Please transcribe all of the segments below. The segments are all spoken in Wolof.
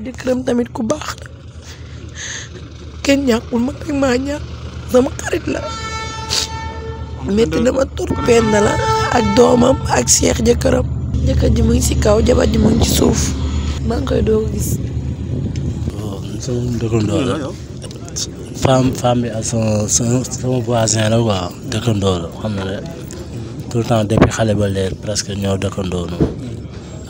jëkkëram tamit ku baax la kenn ñàkkul ma rek maa ñàkk sama xarit la metti na ma tur benn la ak doomam ak seex jëkkëram jëkkër ji mu ngi ci kaw jabar ji mu ngi ci suuf maa ngi koy doog gis sama dëkkandoo la femme femme bi ak sama sama voisin la quoi dëkkandoo la le temps depuis xale ba leer presque ñoo dëkkandoo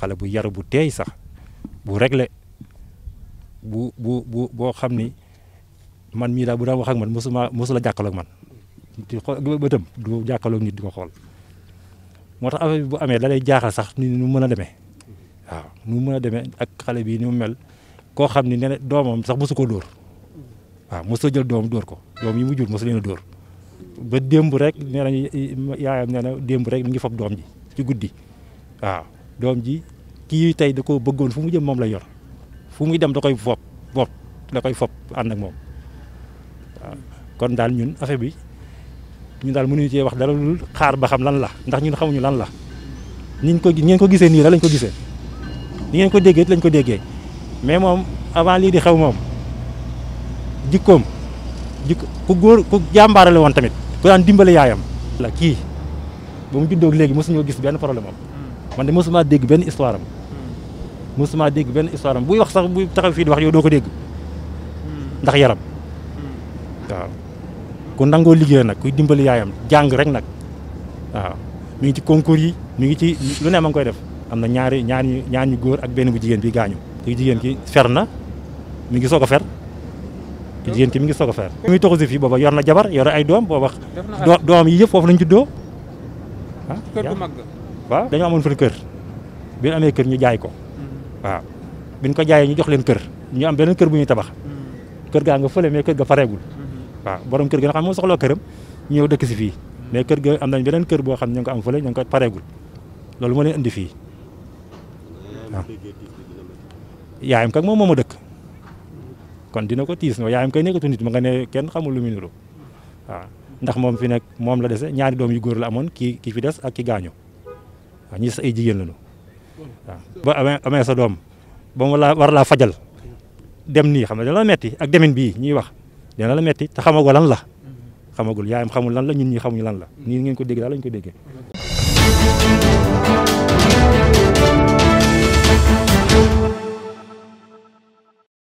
xale bu yaru bu teey sax bu réglé bu bu bu boo xam ni man mii daal bu daan wax ak man mosuma mosula jàkkaloog man di xool bëtam du jàkkaloog nit di ko xool moo tax affaire bi bu amee da lay jaaxal sax ni nu mën a demee waaw nu mën a demee ak xale bii ni mel koo xam ni nee doomam sax mosu ko dóor waaw mosu jël doom dóor ko doom yi mu jur mosu leen a dóor ba démb rek nee nañu yaayam nee na démb rek mi ngi fob doom ji ci guddi waaw doom ji kii tey da ko bëggoon fu mu jëm moom la yor fu muy dem da koy fopp fopp da koy fopp ànd ak moom kon daal ñun affaire bi ñun daal mënuñu cee wax dara xaar ba xam lan la ndax ñun xamuñu lan la niñ ko ngeen ko gisee nii la lañ ko gisee ni ngeen ko déggee lañ ko déggee mais moom avant lii di xew moom jikkoom jikko ku góor ku jàmbaarale woon tamit ku daan dimbale yaayam la kii ba mu juddoo léegi mosuñoo gis benn problème man de mosuma dégg benn histoire am mosuma dégg benn histoire am buy wax sax buy taxaw fii di wax yow doo ko dégg ndax yaram waaw ku nangoo liggéey nag kuy dimbali yaayam jàng rek nag waaw mi ngi ci concours yi mi ngi ci lu ne ngi koy def am na ñaari ñaar ñu ñaar ñu góor ak benn bu jigéen bi gaañu te jigéen ki fer na mi ngi soog a fer te jigéen ki mi ngi soog fer mi ngi toxu si fii booba yor na jabar yor ay doom booba doom yi yëpp foofu lañ juddoo waaw dañoo amoon fan kër bi ñu amee kër ñu jaay ko waaw bi ñu ko jaayee ñu jox leen kër ñu am beneen kër bu ñuy tabax kër gaa nga fële mais kër ga fareegul borom kër ga nga xam moo këram ñëw dëkk si fii mais kër ga am nañ beneen kër boo xam ne ñu ngi am fële ñu ngi ko loolu moo leen indi fii waaw yaayam kak moom moo ma dëkk kon dina ko tiis no yaayam kay nekkatu nit ma nga ne kenn xamul lu mu niru waaw ndax moom fi nekk moom la dese ñaari doom yu góor la amoon kii ki fi des ak ki gaañu waaw ñi sa ay jigéen lañu waaw ba amee sa doom ba mu war laa fajal dem nii xam ne dina la metti ak demin bii ñuy wax dina la metti te xamagoo lan la xamagul yaayam xamul lan la ñun ñi xamuñu lan la nii ngeen ko dégg daal lañ ko déggee